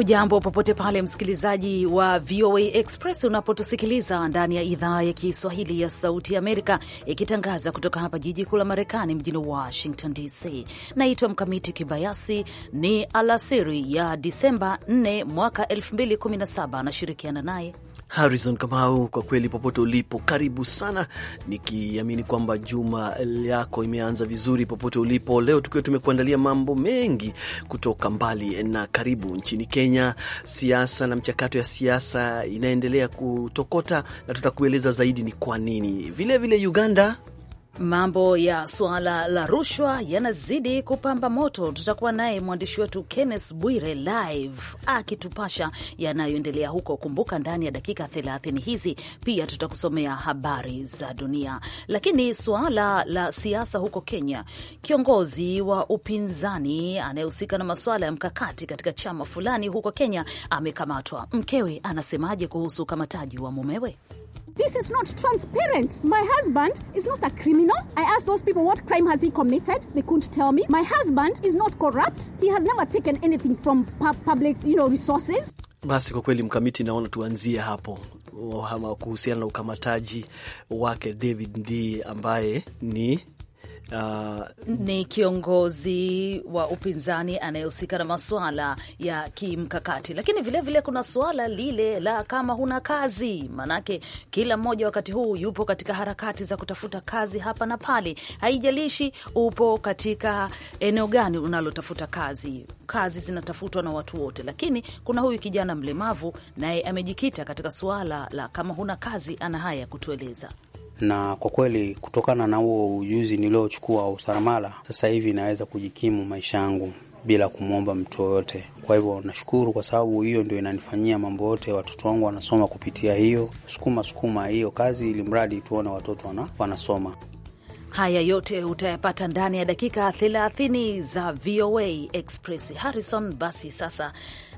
Hujambo popote pale msikilizaji wa VOA Express unapotusikiliza ndani ya idhaa ya Kiswahili ya Sauti Amerika ikitangaza kutoka hapa jiji kuu la Marekani, mjini Washington DC. Naitwa Mkamiti Kibayasi. Ni alasiri ya Disemba 4 mwaka 2017, anashirikiana naye Harrison Kamau, kwa kweli popote ulipo, karibu sana, nikiamini kwamba juma yako imeanza vizuri popote ulipo. Leo tukiwa tumekuandalia mambo mengi kutoka mbali na karibu. Nchini Kenya, siasa na mchakato ya siasa inaendelea kutokota, na tutakueleza zaidi ni kwa nini. Vilevile Uganda Mambo ya suala la rushwa yanazidi kupamba moto. Tutakuwa naye mwandishi wetu kennes Bwire live akitupasha yanayoendelea huko. Kumbuka, ndani ya dakika 30 hizi pia tutakusomea habari za dunia. Lakini suala la siasa huko Kenya, kiongozi wa upinzani anayehusika na masuala ya mkakati katika chama fulani huko Kenya amekamatwa. Mkewe anasemaje kuhusu ukamataji wa mumewe? This is not transparent. My husband is not a criminal. I asked those people what crime has he committed. They couldn't tell me. My husband is not corrupt. He has never taken anything from public, you know, resources. Basi kwa kweli mkamiti, naona tuanzie hapo oh, kuhusiana na ukamataji wake David Ndii ambaye ni Uh, ni kiongozi wa upinzani anayehusika na masuala ya kimkakati, lakini vilevile vile kuna suala lile la kama huna kazi, maanake kila mmoja wakati huu yupo katika harakati za kutafuta kazi hapa na pale. Haijalishi upo katika eneo gani unalotafuta kazi, kazi zinatafutwa na watu wote, lakini kuna huyu kijana mlemavu naye amejikita katika suala la kama huna kazi. Ana haya ya kutueleza na kwa kweli kutokana na huo ujuzi niliochukua usaramala, sasa hivi naweza kujikimu maisha yangu bila kumwomba mtu yoyote. Kwa hivyo nashukuru, kwa sababu hiyo ndio inanifanyia mambo yote. Watoto wangu wanasoma kupitia hiyo sukuma sukuma hiyo kazi, ili mradi tuone watoto wana, wanasoma. Haya yote utayapata ndani ya dakika 30 za VOA Express. Harrison, basi sasa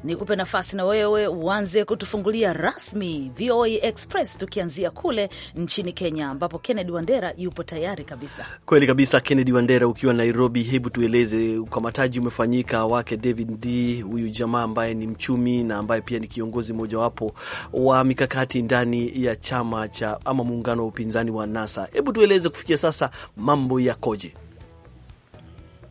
nikupe nafasi na wewe uanze kutufungulia rasmi VOA Express, tukianzia kule nchini Kenya ambapo Kennedy Wandera yupo tayari kabisa. Kweli kabisa, Kennedy Wandera ukiwa Nairobi, hebu tueleze ukamataji umefanyika wake David D, huyu jamaa ambaye ni mchumi na ambaye pia ni kiongozi mojawapo wa mikakati ndani ya chama cha ama muungano wa upinzani wa NASA. Hebu tueleze kufikia sasa mambo yakoje?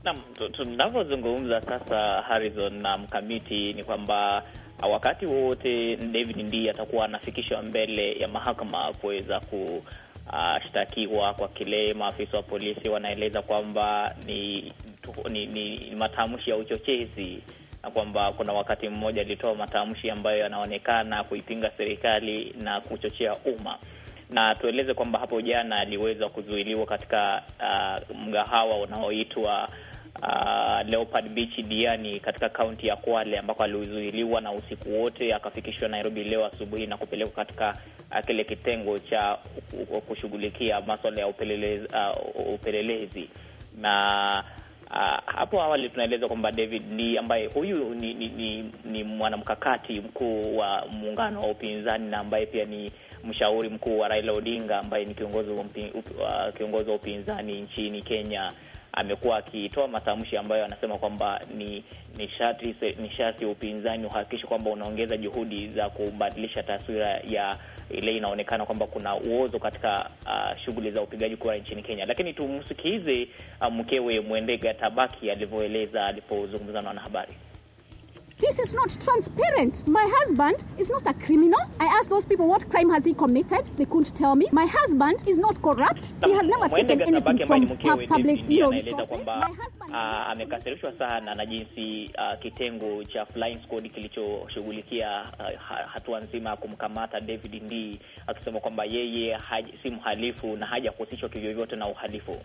Naam, tunavyozungumza sasa Harrison na mkamiti ni kwamba uh, wakati wowote David ndiye atakuwa anafikishwa mbele ya mahakama kuweza ku Uh, shtakiwa kwa kile maafisa wa polisi wanaeleza kwamba ni, ni, ni matamshi ya uchochezi na kwamba kuna wakati mmoja alitoa matamshi ambayo yanaonekana kuipinga serikali na kuchochea umma. Na tueleze kwamba hapo jana aliweza kuzuiliwa katika uh, mgahawa unaoitwa uh, Leopard Beach Diani katika kaunti ya Kwale ambako alizuiliwa na usiku wote akafikishwa Nairobi leo asubuhi na kupelekwa katika uh, kile kitengo cha kushughulikia maswala ya upelelezi, uh, upelelezi na Uh, hapo awali tunaeleza kwamba David ni ambaye huyu ni, ni, ni, ni mwanamkakati mkuu wa muungano wa upinzani na ambaye pia ni mshauri mkuu wa Raila Odinga ambaye ni kiongozi wa upinzani nchini Kenya amekuwa akitoa matamshi ambayo anasema kwamba ni nishati nishati upinzani uhakikishe kwamba unaongeza juhudi za kubadilisha taswira ya ile inaonekana kwamba kuna uozo katika uh, shughuli za upigaji kura nchini Kenya. Lakini tumsikize uh, ah, mkewe Mwendega Tabaki alivyoeleza alipozungumza na wanahabari. This is not transparent. My husband is not a criminal. I asked those people what crime has he committed. They couldn't tell me. My husband is not corrupt. He has never taken anything from public anaeleza kwamba ah, amekasirishwa sana na jinsi uh, kitengo cha Flying Squad kilichoshughulikia uh, hatua nzima ya kumkamata David Ndi akisema kwamba yeye haj, si mhalifu na hajahusishwa kivyovyote na uhalifu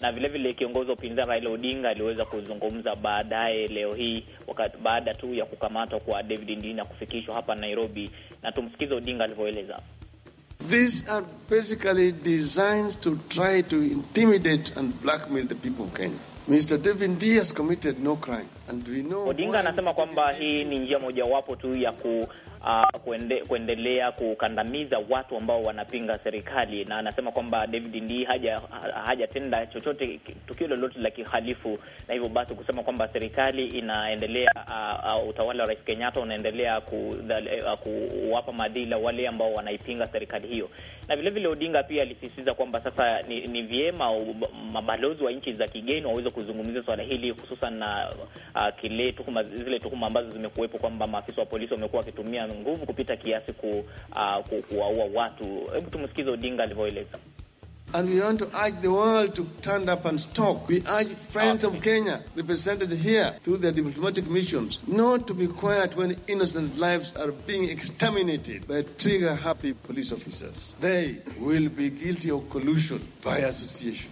na vilevile kiongozi wa upinzani Raila Odinga aliweza kuzungumza baadaye leo hii wakati baada tu ya kukamatwa kwa David Ndii na kufikishwa hapa Nairobi, na tumsikize Odinga alivyoeleza. These are basically designs to try to intimidate and blackmail the people of Kenya. Mr. David Ndii has committed no crime and we know. Odinga anasema kwamba hii ni njia mojawapo tu ya ku uh, kuende, kuendelea kukandamiza watu ambao wanapinga serikali, na anasema kwamba David Ndii haja chochote tukio lolote la kihalifu, na hivyo basi kusema kwamba serikali inaendelea uh, uh, utawala wa Rais Kenyatta unaendelea uh, kuwapa uh, maadhila wale ambao wanaipinga serikali hiyo. Na vilevile Odinga pia alisisitiza kwamba sasa ni, ni vyema mabalozi wa nchi za kigeni waweze kuzungumzia swala hili hususan na uh, kile tuhuma, zile tuhuma ambazo zimekuwepo kwamba maafisa wa polisi wamekuwa wakitumia nguvu kupita kiasi ku, uh, ku, kuwaua watu. Hebu tumsikize Odinga alivyoeleza. And we want to urge the world to stand up and stop. We urge friends of Kenya represented here through their diplomatic missions not to be quiet when innocent lives are being exterminated by trigger happy police officers. They will be guilty of collusion by association.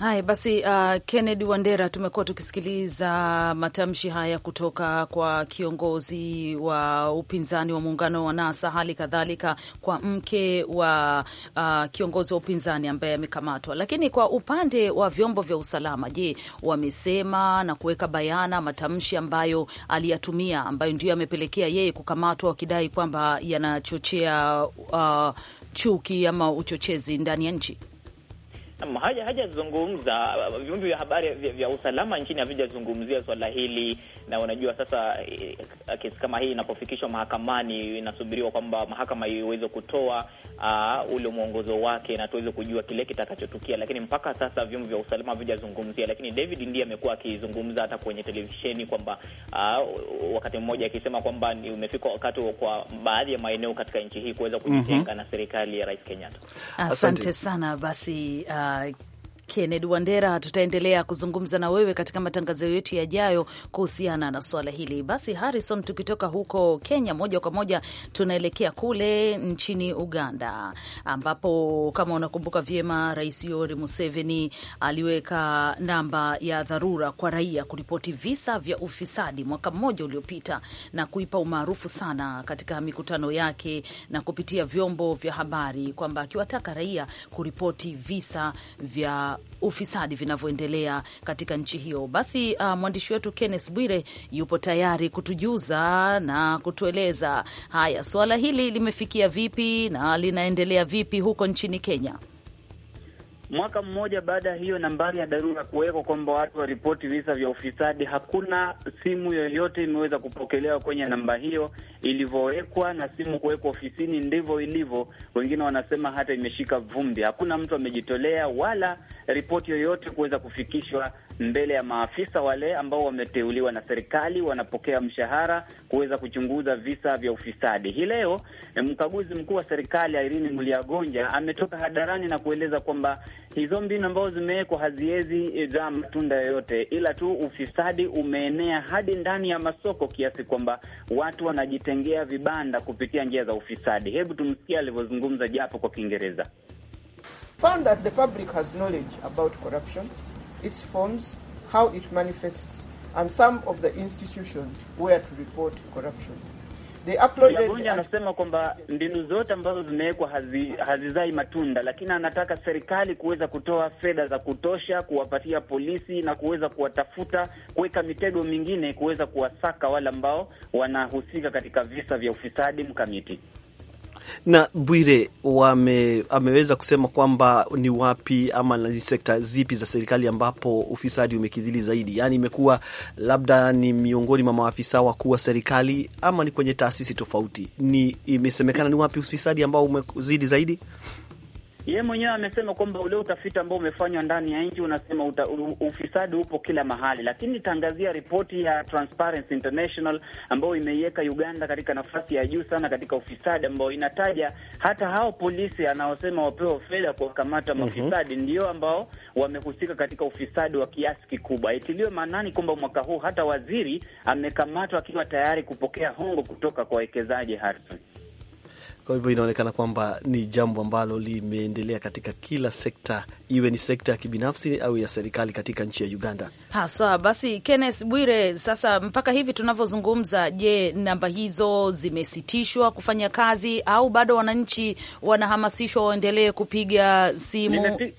Haya basi, uh, Kennedy Wandera, tumekuwa tukisikiliza matamshi haya kutoka kwa kiongozi wa upinzani wa muungano wa NASA, hali kadhalika kwa mke wa uh, kiongozi wa upinzani ambaye amekamatwa. Lakini kwa upande wa vyombo vya usalama, je, wamesema na kuweka bayana matamshi ambayo aliyatumia ambayo ndiyo yamepelekea yeye kukamatwa, wakidai kwamba yanachochea uh, chuki ama uchochezi ndani ya nchi? Haja hajazungumza vyombo vya habari vya usalama nchini havijazungumzia swala hili, na unajua sasa eh, kesi kama hii inapofikishwa mahakamani inasubiriwa kwamba mahakama iweze kutoa uh, ule mwongozo wake na tuweze kujua kile kitakachotukia, lakini mpaka sasa vyombo vya usalama havijazungumzia. Lakini David ndiye amekuwa akizungumza hata kwenye televisheni kwamba uh, wakati mmoja akisema kwamba umefika wakati kwa baadhi ya maeneo katika nchi hii kuweza kujitenga mm -hmm. na serikali ya Rais Kenyatta. Asante sana basi uh, uh, Kennedy Wandera, tutaendelea kuzungumza na wewe katika matangazo yetu yajayo kuhusiana na swala hili. Basi Harrison, tukitoka huko Kenya moja kwa moja tunaelekea kule nchini Uganda, ambapo kama unakumbuka vyema, Rais Yoweri Museveni aliweka namba ya dharura kwa raia kuripoti visa vya ufisadi mwaka mmoja uliopita na kuipa umaarufu sana katika mikutano yake na kupitia vyombo vya habari kwamba akiwataka raia kuripoti visa vya ufisadi vinavyoendelea katika nchi hiyo. Basi uh, mwandishi wetu Kenneth Bwire yupo tayari kutujuza na kutueleza haya, suala hili limefikia vipi na linaendelea vipi huko nchini Kenya? Mwaka mmoja baada ya hiyo nambari ya dharura kuwekwa kwamba watu waripoti visa vya ufisadi, hakuna simu yoyote imeweza kupokelewa kwenye namba hiyo. Ilivyowekwa na simu kuwekwa ofisini, ndivyo ilivyo. Wengine wanasema hata imeshika vumbi. Hakuna mtu amejitolea wala ripoti yoyote kuweza kufikishwa mbele ya maafisa wale ambao wameteuliwa na serikali, wanapokea mshahara kuweza kuchunguza visa vya ufisadi. Hii leo eh, mkaguzi mkuu wa serikali Irene Muliagonja ametoka hadharani na kueleza kwamba hizo mbinu ambazo zimewekwa haziwezi eh, zaa matunda yoyote, ila tu ufisadi umeenea hadi ndani ya masoko kiasi kwamba watu wanajitengea vibanda kupitia njia za ufisadi. Hebu tumsikia alivyozungumza japo kwa Kiingereza. Found that the public has knowledge about corruption, its forms, how it manifests and some of the institutions where to report corruption. Magufuli anasema kwamba mbinu zote ambazo zimewekwa hazi, hazizai matunda, lakini anataka serikali kuweza kutoa fedha za kutosha kuwapatia polisi na kuweza kuwatafuta, kuweka mitego mingine, kuweza kuwasaka wale ambao wanahusika katika visa vya ufisadi mkamiti na Bwire wame, ameweza kusema kwamba ni wapi ama ni sekta zipi za serikali ambapo ufisadi umekidhili zaidi, yaani imekuwa labda ni miongoni mwa maafisa wakuu wa serikali ama ni kwenye taasisi tofauti. Ni imesemekana ni wapi ufisadi ambao umezidi zaidi? Yeye mwenyewe amesema kwamba ule utafiti ambao umefanywa ndani ya nchi unasema uta, u, ufisadi upo kila mahali, lakini nitaangazia ripoti ya Transparency International ambayo imeiweka Uganda katika nafasi ya juu sana katika ufisadi, ambao inataja hata hao polisi anaosema wapewa fedha kuwakamata mhm. mafisadi mm -hmm. ndio ambao wamehusika katika ufisadi wa kiasi kikubwa. Itiliwe maanani kwamba mwaka huu hata waziri amekamatwa akiwa tayari kupokea hongo kutoka kwa wawekezaji Harrison. Kwa hivyo inaonekana kwamba ni jambo ambalo limeendelea katika kila sekta, iwe ni sekta ya kibinafsi au ya serikali katika nchi ya Uganda haswa. So, basi Kenneth Bwire, sasa mpaka hivi tunavyozungumza, je, namba hizo zimesitishwa kufanya kazi au bado wananchi wanahamasishwa waendelee kupiga simu? Nimepi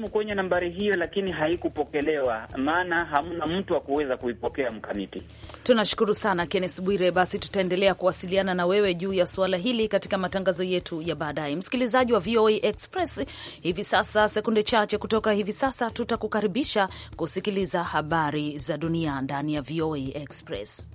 simu kwenye nambari hiyo, lakini haikupokelewa, maana hamna mtu wa kuweza kuipokea. Mkamiti, tunashukuru sana kennes Bwire. Basi tutaendelea kuwasiliana na wewe juu ya suala hili katika matangazo yetu ya baadaye. Msikilizaji wa VOA Express, hivi sasa sekunde chache kutoka hivi sasa tutakukaribisha kusikiliza habari za dunia ndani ya VOA Express.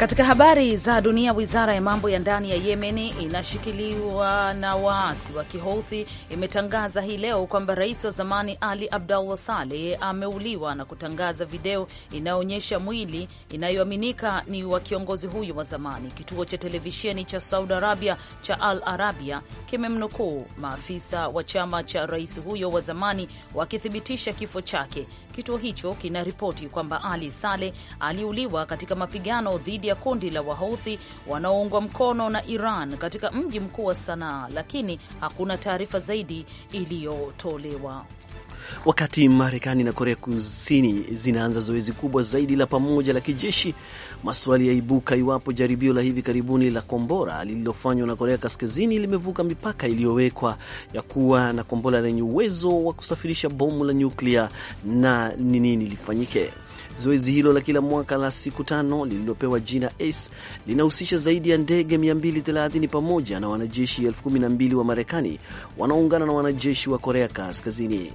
Katika habari za dunia, wizara ya mambo ya ndani ya Yemen inashikiliwa na waasi wa Kihouthi imetangaza hii leo kwamba rais wa zamani Ali Abdullah Saleh ameuliwa na kutangaza video inayoonyesha mwili inayoaminika ni wa kiongozi huyo wa zamani. Kituo cha televisheni cha Saudi Arabia cha Al Arabia kimemnukuu maafisa wa chama cha rais huyo wa zamani wakithibitisha kifo chake Kituo hicho kinaripoti kwamba Ali Saleh aliuliwa katika mapigano dhidi ya kundi la Wahouthi wanaoungwa mkono na Iran katika mji mkuu wa Sanaa, lakini hakuna taarifa zaidi iliyotolewa. Wakati Marekani na Korea Kusini zinaanza zoezi kubwa zaidi la pamoja la kijeshi Maswali ya ibuka iwapo jaribio la hivi karibuni la kombora lililofanywa na Korea Kaskazini limevuka mipaka iliyowekwa ya kuwa na kombora lenye uwezo wa kusafirisha bomu la nyuklia na ni nini lifanyike. Zoezi hilo la kila mwaka la siku tano lililopewa jina ACE linahusisha zaidi ya ndege 230 pamoja na wanajeshi 12 wa Marekani wanaoungana na wanajeshi wa Korea Kaskazini.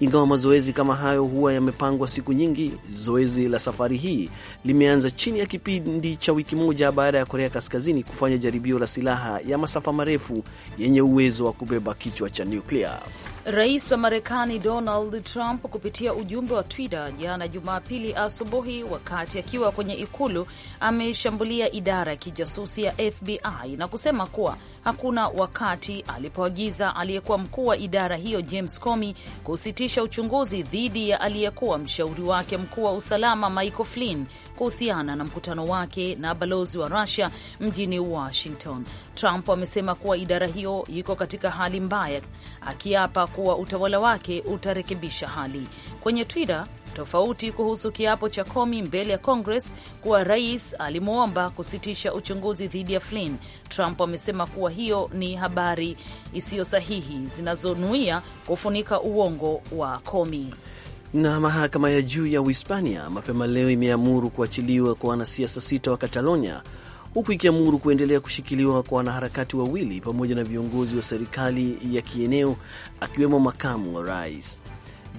Ingawa mazoezi kama hayo huwa yamepangwa siku nyingi, zoezi la safari hii limeanza chini ya kipindi cha wiki moja baada ya Korea Kaskazini kufanya jaribio la silaha ya masafa marefu yenye uwezo wa kubeba kichwa cha nuklia. Rais wa Marekani Donald Trump kupitia ujumbe wa Twitter jana Jumapili asubuhi, wakati akiwa kwenye ikulu, ameshambulia idara ya kijasusi ya FBI na kusema kuwa hakuna wakati alipoagiza aliyekuwa mkuu wa idara hiyo James Comey kusitisha uchunguzi dhidi ya aliyekuwa mshauri wake mkuu wa usalama Michael Flynn kuhusiana na mkutano wake na balozi wa Rusia mjini Washington. Trump amesema kuwa idara hiyo iko katika hali mbaya, akiapa kuwa utawala wake utarekebisha hali. Kwenye Twitter tofauti kuhusu kiapo cha Comey mbele ya Congress kuwa rais alimwomba kusitisha uchunguzi dhidi ya Flynn, Trump amesema kuwa hiyo ni habari isiyo sahihi zinazonuia kufunika uongo wa Comey. Na mahakama ya juu ya Uhispania mapema leo imeamuru kuachiliwa kwa wanasiasa sita wa Katalonia huku ikiamuru kuendelea kushikiliwa kwa wanaharakati wawili pamoja na viongozi wa serikali ya kieneo akiwemo makamu wa rais.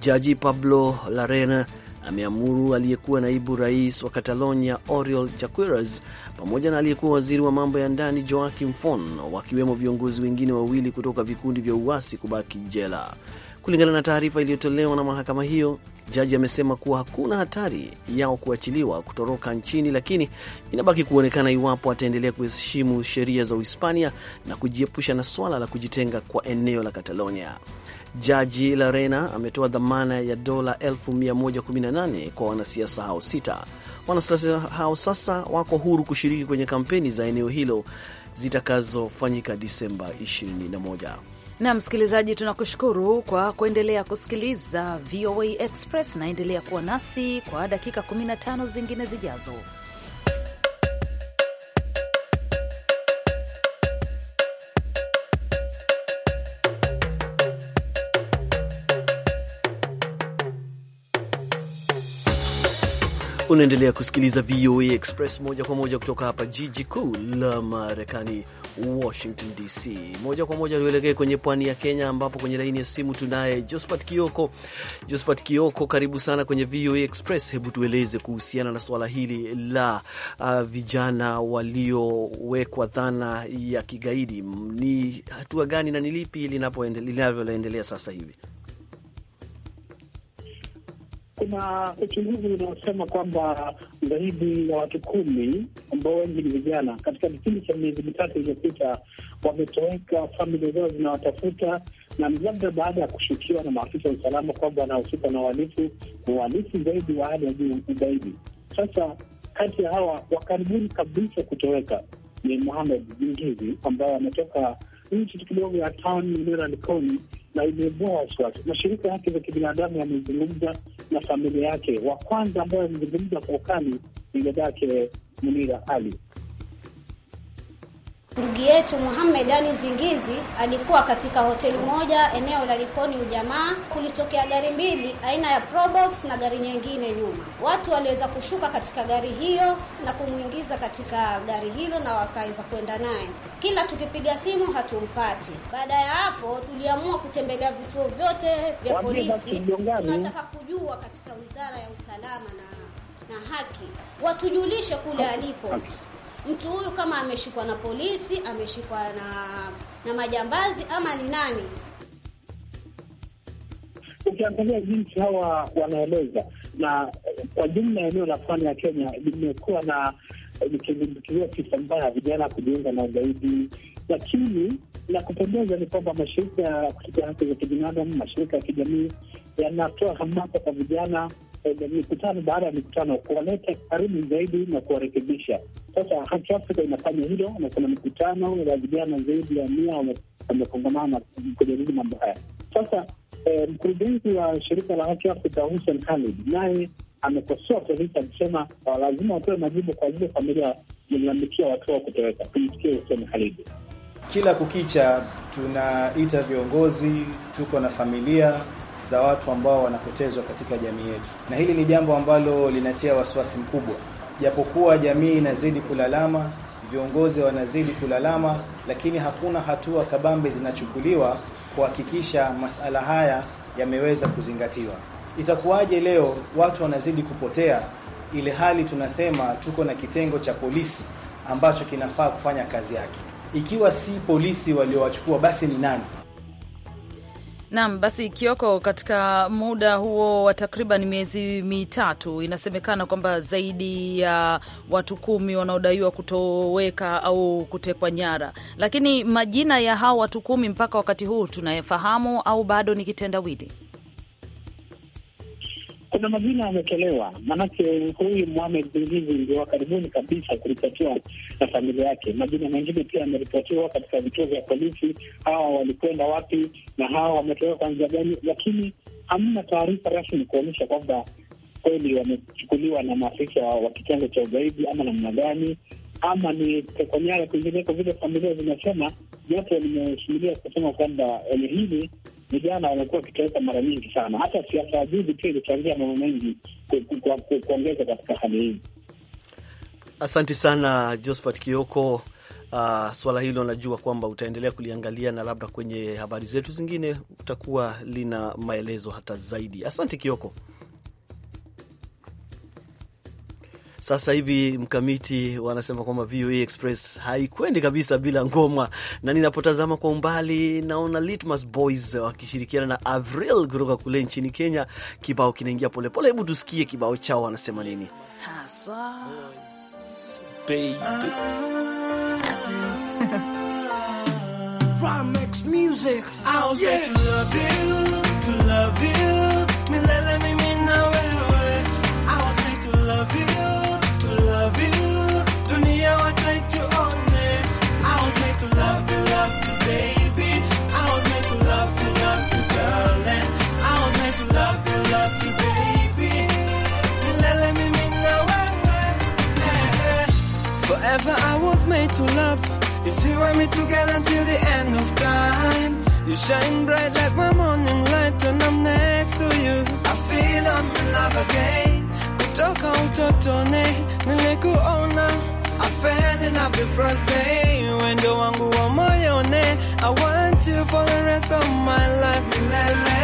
Jaji Pablo Larena ameamuru aliyekuwa naibu rais wa Catalonia Oriol Junqueras pamoja na aliyekuwa waziri wa mambo ya ndani Joaquim Fon wakiwemo viongozi wengine wawili kutoka vikundi vya uasi kubaki jela. Kulingana na taarifa iliyotolewa na mahakama hiyo, jaji amesema kuwa hakuna hatari yao kuachiliwa kutoroka nchini, lakini inabaki kuonekana iwapo ataendelea kuheshimu sheria za Uhispania na kujiepusha na swala la kujitenga kwa eneo la Catalonia. Jaji Larena ametoa dhamana ya dola 118 kwa wanasiasa hao sita. Wanasiasa hao sasa wako huru kushiriki kwenye kampeni za eneo hilo zitakazofanyika Disemba 21. Na msikilizaji, tunakushukuru kwa kuendelea kusikiliza VOA Express. Naendelea kuwa nasi kwa dakika 15 zingine zijazo. Unaendelea kusikiliza VOA Express moja kwa moja kutoka hapa jiji kuu la Marekani, Washington DC. Moja kwa moja tuelekee kwenye pwani ya Kenya, ambapo kwenye laini ya simu tunaye Josphat Kioko. Josphat Kioko, karibu sana kwenye VOA Express. Hebu tueleze kuhusiana na suala hili la uh, vijana waliowekwa dhana ya kigaidi, ni hatua gani na ni lipi linavyoendelea sasa hivi? kuna uchunguzi unaosema kwamba zaidi ya watu kumi ambao wengi ni vijana, katika kipindi cha miezi mitatu iliyopita wametoweka, familia zao zinawatafuta, na labda baada ya kushukiwa na maafisa wa usalama kwamba wanahusika na uhalifu uhalifu zaidi wa hali ya juu zaidi. Sasa kati ya hawa wa karibuni kabisa kutoweka ni muhamed Jingizi ambaye ametoka nchi kidogo ya tan Mineral likoni na imeibua wasiwasi. Mashirika yake za kibinadamu yamezungumza na familia yake. Wa kwanza ambayo amezungumza kwa ukali ni dadake Munira Ali. Ndugu yetu Muhamed Ali Zingizi alikuwa katika hoteli moja eneo la Likoni Ujamaa. Kulitokea gari mbili aina ya Probox na gari nyingine nyuma. Watu waliweza kushuka katika gari hiyo na kumwingiza katika gari hilo na wakaweza kuenda naye. Kila tukipiga simu hatumpati. Baada ya hapo, tuliamua kutembelea vituo vyote vya polisi. Tunataka kujua katika wizara ya usalama na, na haki watujulishe kule ah, alipo mtu huyu kama ameshikwa na polisi, ameshikwa na na majambazi ama ni nani? Ukiangalia jinsi hawa wanaeleza na kwa jumla eneo la pwani ya Kenya limekuwa na likizundukiwa sifa mbaya ya vijana kujiunga na ugaidi, lakini la kupendeza ni kwamba mashirika ya kutetea haki za kibinadamu, mashirika ya kijamii yanatoa hamasa kwa vijana Eh, mikutano baada ya mikutano kuwaleta karibu zaidi na kuwarekebisha. Sasa Haki Afrika inafanya hilo, na kuna mikutano ya vijana zaidi ya mia wamekongamana kujadili mambo haya. Sasa eh, mkurugenzi wa shirika la Haki Afrika Hussein Khalid naye amekosoa polisi akisema ah, lazima watoe majibu kwa ajili ya familia ilalamikia watu wao kutoweka. Tumsikie Hussein Khalid. Kila kukicha tunaita viongozi, tuko na familia za watu ambao wanapotezwa katika jamii yetu, na hili ni jambo ambalo linatia wasiwasi mkubwa. Japokuwa jamii inazidi kulalama, viongozi wanazidi kulalama, lakini hakuna hatua kabambe zinachukuliwa kuhakikisha masala haya yameweza kuzingatiwa. Itakuwaje leo watu wanazidi kupotea, ile hali tunasema tuko na kitengo cha polisi ambacho kinafaa kufanya kazi yake? Ikiwa si polisi waliowachukua, basi ni nani? Naam, basi Kioko, katika muda huo wa takriban miezi mitatu inasemekana kwamba zaidi ya watu kumi wanaodaiwa kutoweka au kutekwa nyara, lakini majina ya hao watu kumi mpaka wakati huu tunayefahamu au bado ni kitendawili? kuna majina yametolewa, maanake huyu Mohamed Bengizi ndio wa karibuni kabisa kuripotiwa na familia yake. Majina mengine pia yameripotiwa katika vituo vya polisi, hawa walikwenda wapi na hawa wametolewa kwa njia gani, lakini hamna taarifa rasmi kuonyesha kwamba kweli wamechukuliwa na maafisa wa kitengo cha ugaidi ama namna gani, ama ni tekwa nyara kwingineko, vile familia zinasema. Jopo limeshuhudia kusema kwamba eneo hili vijana wamekuwa wakitoweka mara nyingi sana. Hata siasa ya juzi pia ilichangia mambo mengi kuongeza katika hali hii. Asante sana Josphat Kioko. Uh, swala hilo najua kwamba utaendelea kuliangalia na labda kwenye habari zetu zingine utakuwa lina maelezo hata zaidi. Asante Kioko. Sasa hivi mkamiti wanasema kwamba VOA Express haikwendi kabisa bila ngoma, na ninapotazama kwa umbali naona Litmus Boys wakishirikiana na Avril kutoka kule nchini Kenya. Kibao kinaingia polepole, hebu tusikie kibao chao, wanasema nini to love. You see why me together until the end of time. You shine bright like my morning light when I'm next to you. I feel I'm in love again. Kutoka utotone nilikuona. I fell in love the first day. Wendo wangu wa moyone. I want you for the rest of my life. Milele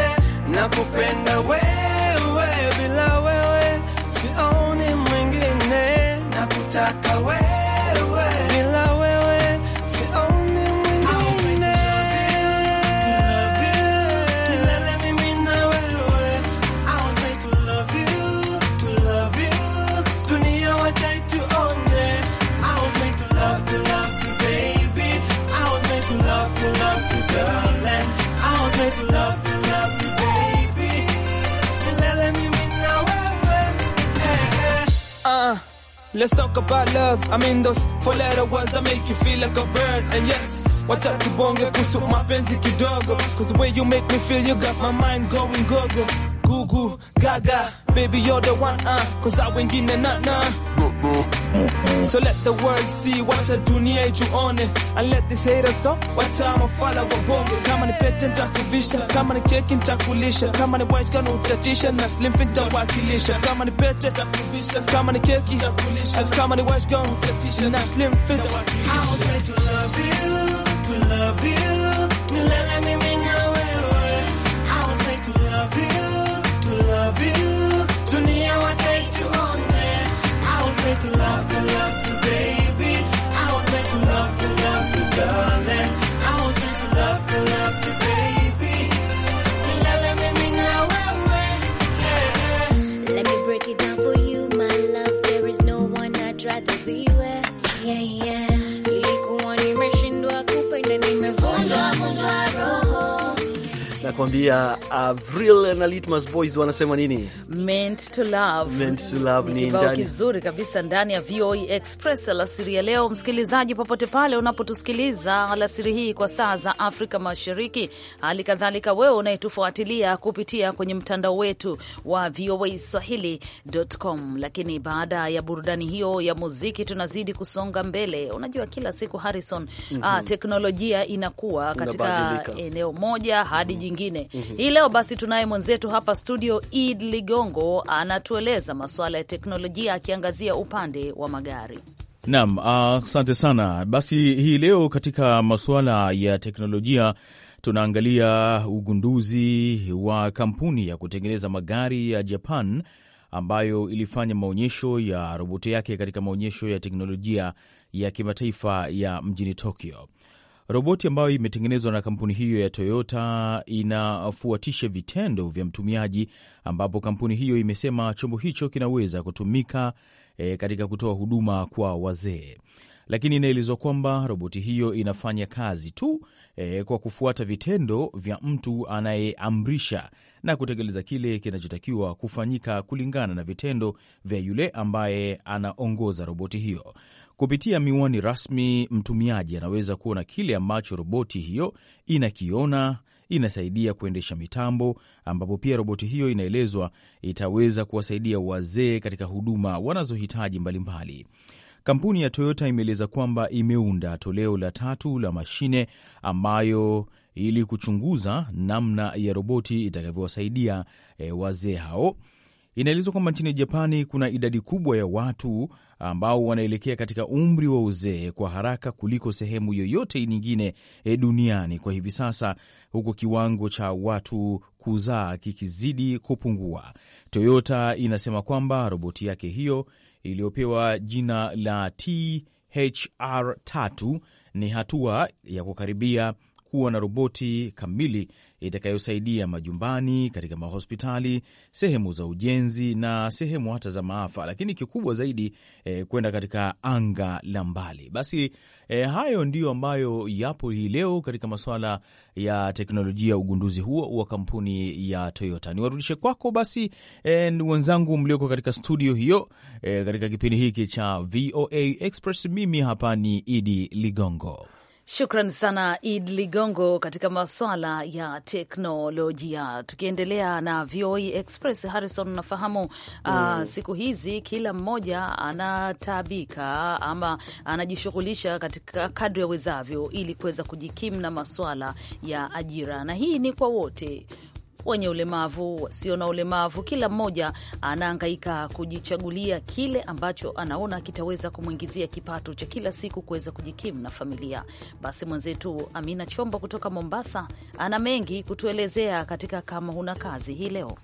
nakupenda wewe, bila wewe sioni mwingine. Nakutaka wewe Let's talk about love. I mean those four letter words that make you feel like a bird. And yes, watch out to wacha tubonge kuhusu mapenzi kidogo. Cause the way you make me feel, you got my mind going go-go. Goo goo, gaga. Baby, you're the one, uh. Cause I wengine na na. So let the world see, wacha dunia ituone, and let these haters stop, wacha mafala wabonge. Kama ni pete nitakuvisha, kama ni keki nitakulisha, kama ni white kana utatisha, na slim fit nitawakilisha. Kama ni pete nitakuvisha, kama ni keki nitakulisha, kama ni white kana utatisha, na slim fit nitawakilisha. to love you, to love you, milele mimi na wewe. I was made to love you, to love you. meant to love to love you, baby. I was meant to love to love you, girl. anakuambia Avril na Litmus Boys wanasema nini? Meant to love. Meant to love ni kibao kizuri kabisa ndani ya VOA e Express alasiri ya leo. Msikilizaji, popote pale unapotusikiliza alasiri hii kwa saa za Afrika Mashariki, hali kadhalika wewe unayetufuatilia kupitia kwenye mtandao wetu wa VOA e Swahili.com. Lakini baada ya burudani hiyo ya muziki, tunazidi kusonga mbele. Unajua kila siku Harrison, mm -hmm. teknolojia inakuwa katika eneo moja hadi mm -hmm. jingine mengine mm -hmm. Hii leo basi tunaye mwenzetu hapa studio ed Ligongo anatueleza masuala ya teknolojia akiangazia upande wa magari. Naam, asante uh, sana. Basi hii leo katika masuala ya teknolojia tunaangalia ugunduzi wa kampuni ya kutengeneza magari ya Japan ambayo ilifanya maonyesho ya roboti yake katika maonyesho ya teknolojia ya kimataifa ya mjini Tokyo. Roboti ambayo imetengenezwa na kampuni hiyo ya Toyota inafuatisha vitendo vya mtumiaji, ambapo kampuni hiyo imesema chombo hicho kinaweza kutumika e, katika kutoa huduma kwa wazee, lakini inaelezwa kwamba roboti hiyo inafanya kazi tu e, kwa kufuata vitendo vya mtu anayeamrisha na kutekeleza kile kinachotakiwa kufanyika kulingana na vitendo vya yule ambaye anaongoza roboti hiyo. Kupitia miwani rasmi, mtumiaji anaweza kuona kile ambacho roboti hiyo inakiona. Inasaidia kuendesha mitambo, ambapo pia roboti hiyo inaelezwa itaweza kuwasaidia wazee katika huduma wanazohitaji mbalimbali. Kampuni ya Toyota imeeleza kwamba imeunda toleo la tatu la mashine ambayo ili kuchunguza namna ya roboti itakavyowasaidia e, wazee hao. Inaelezwa kwamba nchini Japani kuna idadi kubwa ya watu ambao wanaelekea katika umri wa uzee kwa haraka kuliko sehemu yoyote nyingine eh, duniani kwa hivi sasa, huku kiwango cha watu kuzaa kikizidi kupungua. Toyota inasema kwamba roboti yake hiyo iliyopewa jina la THR3 ni hatua ya kukaribia kuwa na roboti kamili itakayosaidia majumbani, katika mahospitali, sehemu za ujenzi na sehemu hata za maafa, lakini kikubwa zaidi e, kwenda katika anga la mbali. Basi e, hayo ndiyo ambayo yapo hii leo katika masuala ya teknolojia, ugunduzi huo wa kampuni ya Toyota. Niwarudishe kwako basi e, wenzangu mlioko katika studio hiyo e, katika kipindi hiki cha VOA Express. Mimi hapa ni Idi Ligongo. Shukran sana Id Ligongo katika maswala ya teknolojia. Tukiendelea na VOA e Express, Harrison, unafahamu uh, mm. uh, siku hizi kila mmoja anataabika ama anajishughulisha katika kadri ya wezavyo ili kuweza kujikimu na maswala ya ajira, na hii ni kwa wote wenye ulemavu, wasio na ulemavu, kila mmoja anaangaika kujichagulia kile ambacho anaona kitaweza kumwingizia kipato cha kila siku kuweza kujikimu na familia. Basi mwenzetu Amina Chombo kutoka Mombasa ana mengi kutuelezea katika kama huna kazi hii leo.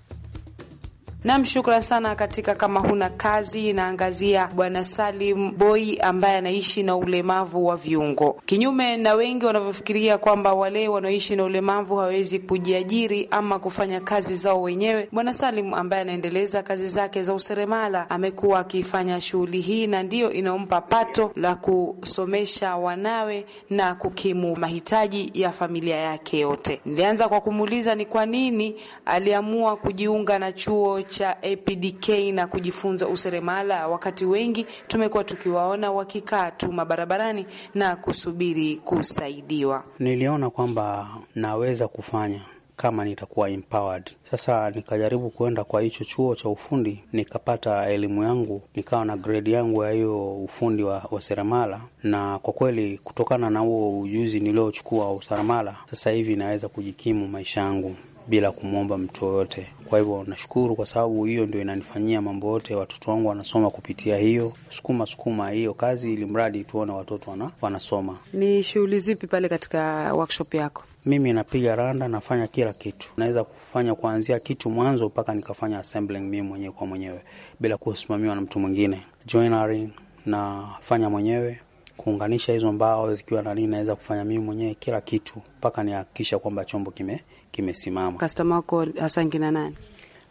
Nam, shukran sana. Katika kama huna kazi, inaangazia Bwana Salim Boi ambaye anaishi na ulemavu wa viungo. Kinyume na wengi wanavyofikiria kwamba wale wanaoishi na ulemavu hawawezi kujiajiri ama kufanya kazi zao wenyewe, Bwana Salim ambaye anaendeleza kazi zake za useremala amekuwa akifanya shughuli hii na ndiyo inaompa pato la kusomesha wanawe na kukimu mahitaji ya familia yake yote. Nilianza kwa kumuuliza ni kwa nini aliamua kujiunga na chuo cha APDK na kujifunza useremala, wakati wengi tumekuwa tukiwaona wakikaa tu mabarabarani na kusubiri kusaidiwa. Niliona kwamba naweza kufanya kama nitakuwa empowered. Sasa nikajaribu kuenda kwa hicho chuo cha ufundi, nikapata elimu yangu, nikawa na grade yangu ya hiyo ufundi wa, wa seremala, na kwa kweli kutokana na huo ujuzi niliochukua wa useremala, sasa hivi naweza kujikimu maisha yangu bila kumwomba mtu yoyote. Kwa hivyo nashukuru kwa sababu hiyo ndio inanifanyia mambo yote. Watoto wangu wanasoma kupitia hiyo sukuma sukuma hiyo kazi, ili mradi tuone watoto wana, wanasoma. Ni shughuli zipi pale katika workshop yako? Mimi napiga randa, nafanya kila kitu. Naweza kufanya kuanzia kitu mwanzo mpaka nikafanya assembling mimi mwenyewe kwa mwenyewe bila kusimamiwa na mtu mwingine. Joinery nafanya mwenyewe, kuunganisha hizo mbao zikiwa na nini, naweza kufanya mimi mwenyewe kila kitu mpaka nihakikisha kwamba chombo kime kimesimama. Customer wako hasa ngina nani?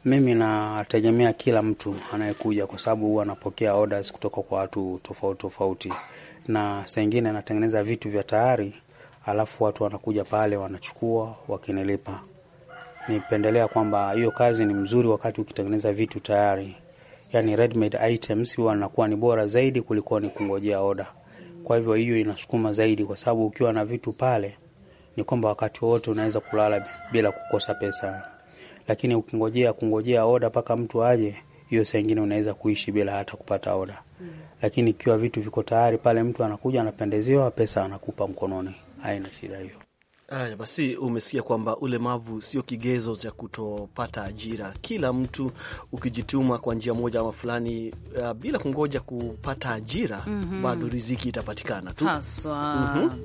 Mimi nategemea kila mtu anayekuja, kwa sababu huwa anapokea orders kutoka kwa watu tofauti tofauti, na sengine anatengeneza vitu vya tayari, alafu watu wanakuja pale wanachukua wakinilipa. Nipendelea kwamba hiyo kazi ni mzuri wakati ukitengeneza vitu tayari, yani ready items huwa nakuwa ni bora zaidi kuliko ni kungojea oda. Kwa hivyo hiyo inasukuma zaidi, kwa sababu ukiwa na vitu pale ni kwamba wakati wote unaweza kulala bila kukosa pesa, lakini ukingojea kungojea oda mpaka mtu aje, hiyo saa ingine unaweza kuishi bila hata kupata oda mm. Lakini ikiwa vitu viko tayari pale, mtu anakuja anapendeziwa, pesa anakupa mkononi, haina shida hiyo. Aya, basi umesikia kwamba ulemavu sio kigezo cha kutopata ajira. Kila mtu ukijituma kwa njia moja ama fulani, uh, bila kungoja kupata ajira mm -hmm. bado riziki itapatikana tu haswa. mm -hmm.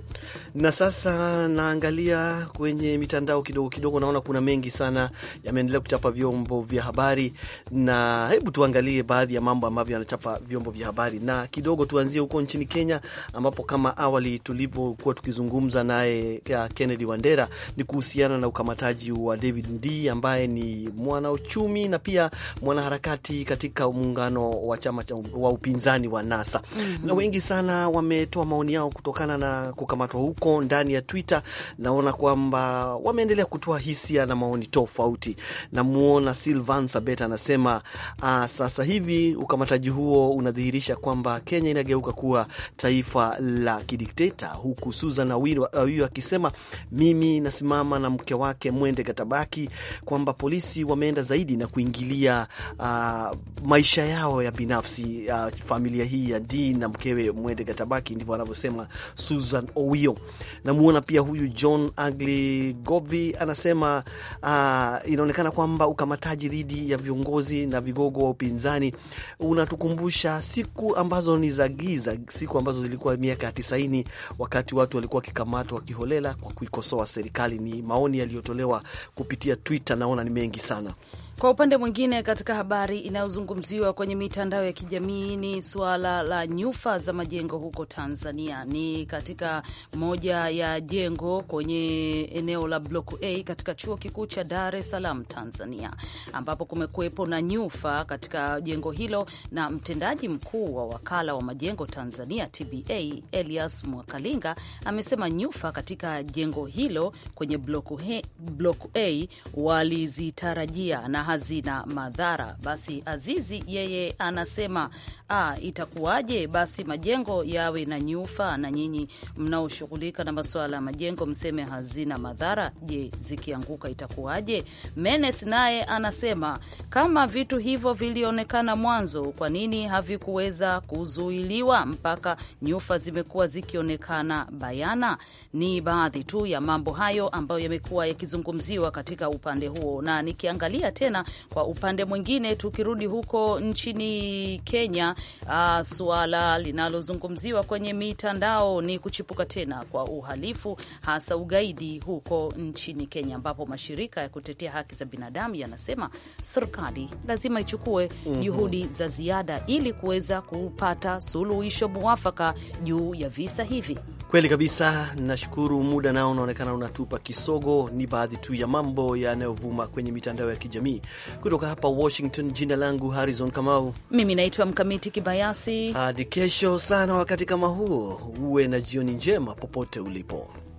Na sasa naangalia kwenye mitandao kidogo kidogo, naona kuna mengi sana yameendelea kuchapa vyombo vya habari, na hebu tuangalie baadhi ya mambo ambavyo yanachapa vyombo vya habari, na kidogo tuanzie huko nchini Kenya, ambapo kama awali tulivyokuwa tukizungumza naye uh, Kennedy Wandera ni kuhusiana na ukamataji wa David Ndii ambaye ni mwanauchumi na pia mwanaharakati katika muungano wa chama wa upinzani wa NASA. mm -hmm. Na wengi sana wametoa maoni yao kutokana na kukamatwa huko. Ndani ya Twitter naona kwamba wameendelea kutoa hisia na maoni tofauti. Namuona Silvan Sabet anasema uh, sasa hivi ukamataji huo unadhihirisha kwamba Kenya inageuka kuwa taifa la kidikteta, huku Susan Awiu akisema mimi nasimama na mke wake Mwende Gatabaki kwamba polisi wameenda zaidi na kuingilia uh, maisha yao ya binafsi uh, familia hii ya D na mkewe Mwende Gatabaki, ndivyo anavyosema Susan Owio. Namuona pia huyu John Agli Govi anasema uh, inaonekana kwamba ukamataji dhidi ya viongozi na vigogo wa upinzani unatukumbusha siku ambazo ni za giza, siku ambazo zilikuwa miaka ya tisaini, wakati watu walikuwa wakikamatwa wakiholela kwa kuikosoa serikali. Ni maoni yaliyotolewa kupitia Twitter, naona ni mengi sana. Kwa upande mwingine, katika habari inayozungumziwa kwenye mitandao ya kijamii ni suala la nyufa za majengo huko Tanzania. Ni katika moja ya jengo kwenye eneo la Block A katika chuo kikuu cha Dar es Salaam, Tanzania, ambapo kumekuwepo na nyufa katika jengo hilo, na mtendaji mkuu wa wakala wa majengo Tanzania TBA Elias Mwakalinga amesema nyufa katika jengo hilo kwenye Block A walizitarajia na hazina madhara. Basi Azizi yeye anasema ah, itakuwaje basi majengo yawe na nyufa, na nyinyi mnaoshughulika na masuala ya majengo mseme hazina madhara? Je, zikianguka itakuwaje? Menes naye anasema kama vitu hivyo vilionekana mwanzo, kwa nini havikuweza kuzuiliwa mpaka nyufa zimekuwa zikionekana bayana? Ni baadhi tu ya mambo hayo ambayo yamekuwa yakizungumziwa katika upande huo, na nikiangalia tena sana. Kwa upande mwingine, tukirudi huko nchini Kenya, uh, suala linalozungumziwa kwenye mitandao ni kuchipuka tena kwa uhalifu, hasa ugaidi huko nchini Kenya, ambapo mashirika ya kutetea haki za binadamu yanasema serikali lazima ichukue mm -hmm. juhudi za ziada ili kuweza kupata suluhisho muafaka juu ya visa hivi. Kweli kabisa, nashukuru. Muda nao unaonekana unatupa kisogo. Ni baadhi tu ya mambo yanayovuma kwenye mitandao ya kijamii. Kutoka hapa Washington, jina langu Harrison Kamau, mimi naitwa Mkamiti Kibayasi. Hadi kesho sana wakati kama huo, uwe na jioni njema popote ulipo.